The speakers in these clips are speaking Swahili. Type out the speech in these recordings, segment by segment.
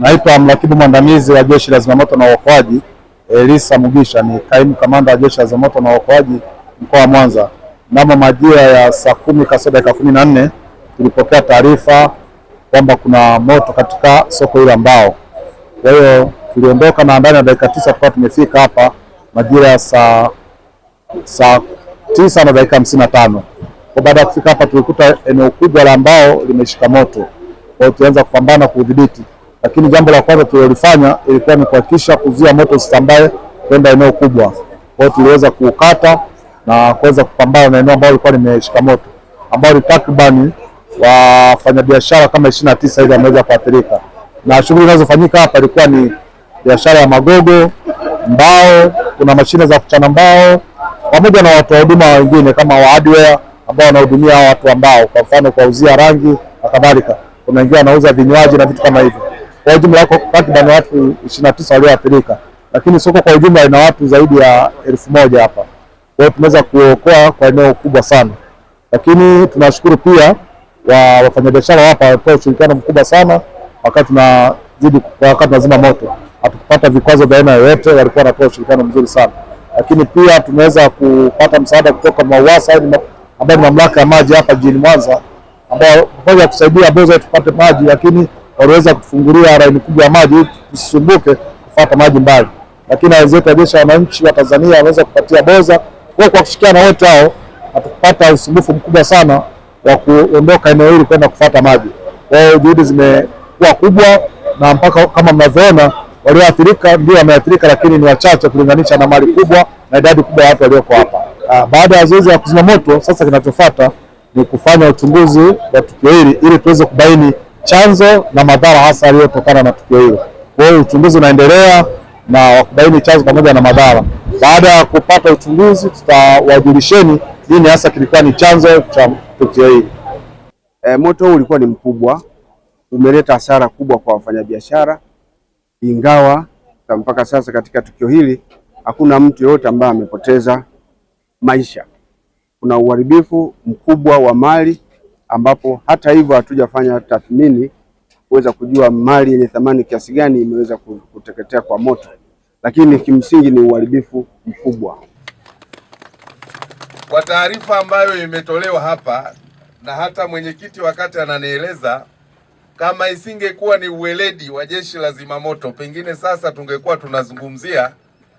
Naitwa mrakibu mwandamizi wa jeshi la zimamoto na uokoaji Elisa Mugisha, ni kaimu kamanda wa jeshi la zimamoto na uokoaji mkoa wa Mwanza. Mnamo majira ya saa kumi kasoro dakika kumi na nne tulipokea taarifa kwamba kuna moto katika soko hilo ambao, Kwa hiyo tuliondoka na ndani ya dakika tisa tukawa tumefika hapa majira ya saa saa tisa na dakika hamsini na tano. Kwa baada ya kufika hapa tulikuta eneo kubwa la mbao limeshika moto, kwa hiyo tulianza kupambana kuudhibiti lakini jambo la kwanza tulilofanya ilikuwa ni kuhakikisha kuzuia moto usitambae kwenda eneo kubwa. Kwa hiyo tuliweza kukata na kuweza kupambana na eneo ambalo lilikuwa limeshika moto, ambao ni takribani wafanyabiashara kama ishirini na tisa hivi wameweza kuathirika, na shughuli zinazofanyika hapa ilikuwa ni biashara ya magogo, mbao, kuna mashine za kuchana mbao pamoja na watoa huduma wengine kama wa hardware ambao wanahudumia watu ambao, kwa mfano, kuwauzia rangi na kadhalika. Kuna wengine wanauza vinywaji na vitu kama hivyo kwa jumla wako takriban watu ishirini na tisa walioathirika, lakini soko kwa ujumla ina watu zaidi ya elfu moja hapa. Kwa hiyo tumeweza kuokoa kwa eneo kubwa sana, lakini tunashukuru pia wa wafanyabiashara hapa kwa ushirikiano mkubwa sana wakati na tunazidi wakati tunazima moto, hatukupata vikwazo vya aina yoyote, walikuwa wanatoa ushirikiano mzuri sana lakini pia tumeweza kupata msaada kutoka MAUWASA ambayo ni mamlaka ya maji hapa jijini Mwanza, ambao pamoja kusaidia bozo tupate maji, lakini waliweza kufungulia laini kubwa ya maji tusisumbuke kufuata maji mbali, lakini wenzetu wa jeshi la wananchi wa Tanzania wameweza kupatia boza kwa na wote hao na usumbufu mkubwa sana wa kuondoka eneo hili kwenda kufuata maji. Kwa hiyo juhudi zimekuwa kubwa na mpaka kama mnavyoona walioathirika ndio wameathirika, lakini ni wachache kulinganisha na mali kubwa na idadi kubwa ya watu walioko hapa. Ah, baada ya zoezi la kuzima moto, sasa kinachofuata ni kufanya uchunguzi wa tukio hili ili tuweze kubaini chanzo na madhara hasa yaliyotokana na tukio hilo. Kwa hiyo uchunguzi unaendelea na wakubaini chanzo pamoja na madhara. Baada ya kupata uchunguzi, tutawajulisheni nini hasa kilikuwa ni chanzo cha tukio hili. E, moto huu ulikuwa ni mkubwa, umeleta hasara kubwa kwa wafanyabiashara, ingawa mpaka sasa katika tukio hili hakuna mtu yoyote ambaye amepoteza maisha. Kuna uharibifu mkubwa wa mali ambapo hata hivyo hatujafanya tathmini kuweza kujua mali yenye thamani kiasi gani imeweza kuteketea kwa moto, lakini kimsingi ni uharibifu mkubwa. Kwa taarifa ambayo imetolewa hapa na hata mwenyekiti wakati ananieleza, kama isingekuwa ni uweledi wa jeshi la zimamoto, pengine sasa tungekuwa tunazungumzia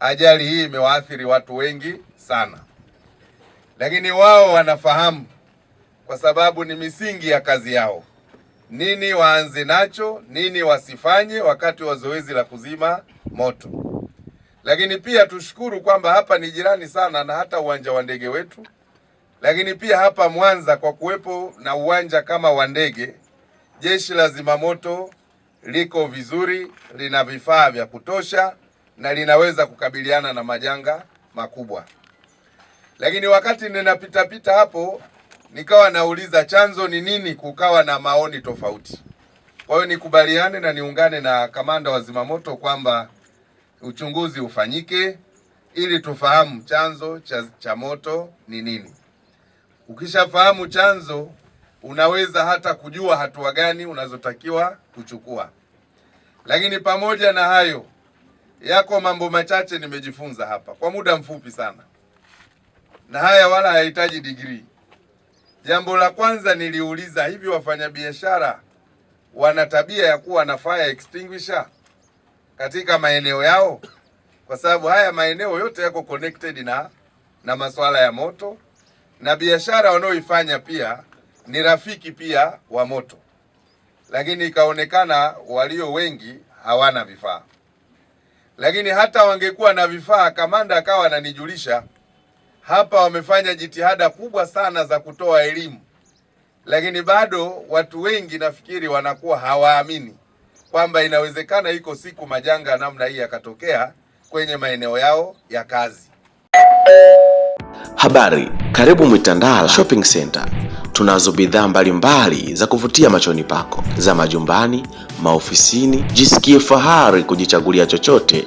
ajali hii imewaathiri watu wengi sana, lakini wao wanafahamu kwa sababu ni misingi ya kazi yao, nini waanze nacho, nini wasifanye wakati wa zoezi la kuzima moto. Lakini pia tushukuru kwamba hapa ni jirani sana na hata uwanja wa ndege wetu, lakini pia hapa Mwanza kwa kuwepo na uwanja kama wa ndege, jeshi la zimamoto liko vizuri, lina vifaa vya kutosha na linaweza kukabiliana na majanga makubwa. Lakini wakati ninapitapita hapo nikawa nauliza chanzo ni nini, kukawa na maoni tofauti. Kwa hiyo nikubaliane na niungane na kamanda wa zimamoto kwamba uchunguzi ufanyike ili tufahamu chanzo cha, cha moto ni nini. Ukishafahamu chanzo, unaweza hata kujua hatua gani unazotakiwa kuchukua. Lakini pamoja na hayo, yako mambo machache nimejifunza hapa kwa muda mfupi sana, na haya wala hayahitaji digrii. Jambo la kwanza niliuliza, hivi wafanyabiashara wana tabia ya kuwa na fire extinguisher katika maeneo yao? Kwa sababu haya maeneo yote yako connected na na masuala ya moto, na biashara wanaoifanya pia ni rafiki pia wa moto, lakini ikaonekana walio wengi hawana vifaa. Lakini hata wangekuwa na vifaa, kamanda akawa ananijulisha hapa wamefanya jitihada kubwa sana za kutoa elimu, lakini bado watu wengi nafikiri wanakuwa hawaamini kwamba inawezekana iko siku majanga namna hii yakatokea kwenye maeneo yao ya kazi. Habari, karibu Mwitandala Shopping Center. Tunazo bidhaa mbalimbali za kuvutia machoni pako za majumbani, maofisini. Jisikie fahari kujichagulia chochote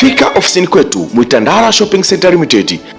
Fika ofisini kwetu Mwitandara Shopping Center Limited